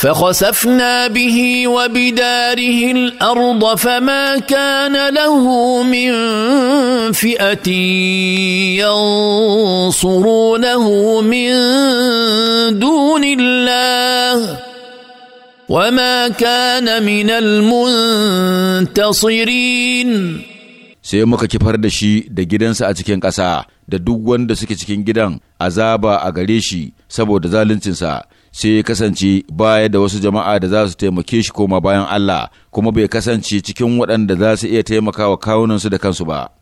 فخسفنا به وبداره الارض فما كان له من فئه ينصرونه من دون الله وما كان من المنتصرين sai muka kifar da shi da gidansa a cikin ƙasa da duk wanda suke cikin gidan azaba a gare shi saboda zaluncinsa sai ya kasance baya da wasu jama'a da za su taimake shi koma bayan Allah kuma bai kasance cikin waɗanda za su iya taimakawa kawunansu da kansu ba.